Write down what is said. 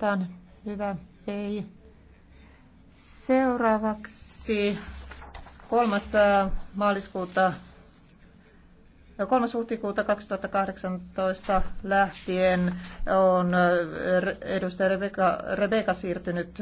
vastaan. Hyvä. Ei. Seuraavaksi 3. Äh, maaliskuuta 3. Äh, huhtikuuta 2018 lähtien on äh, edustaja Rebeka, Rebeka siirtynyt